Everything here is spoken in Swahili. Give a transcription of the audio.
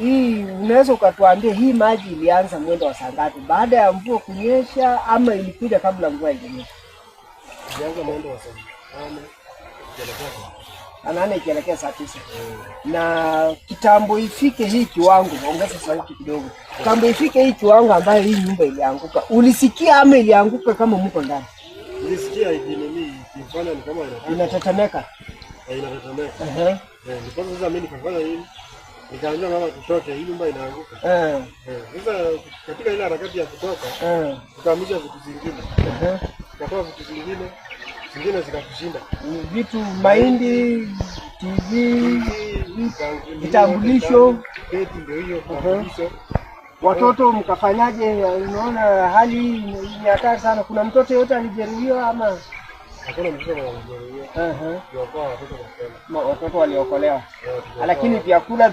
hii unaweza ukatuambia hii maji ilianza mwendo wa saa ngapi? Baada ya mvua kunyesha ama ilikuja kabla mvua haijanyesha? Ilianza mwendo wa saa nane ikielekea saa tisa. Mm. Na kitambo ifike hii kiwango, ongeza sauti kidogo. Kitambo ifike hii kiwango ambayo hii nyumba ilianguka, ulisikia ama ilianguka kama mko ndani? Nilisikia ikimimi ikifanya ni kama inatetemeka. Inatetemeka. Eh, uh -huh. Eh, ndipo sasa mimi nikafanya hivi. Nikaambia mama tutoke, hii nyumba inaanguka. Eh. Eh, sasa katika ile harakati ya kutoka, eh. vitu vingine. Tukatoa vitu zikatushinda. Vitu mahindi, TV, vitambulisho, keti ndio hiyo vitambulisho. Watoto mkafanyaje? Unaona hali ni hatari sana. Kuna mtoto yote alijeruhiwa ama Hakuna mtoto Watoto waliokolewa, lakini vyakula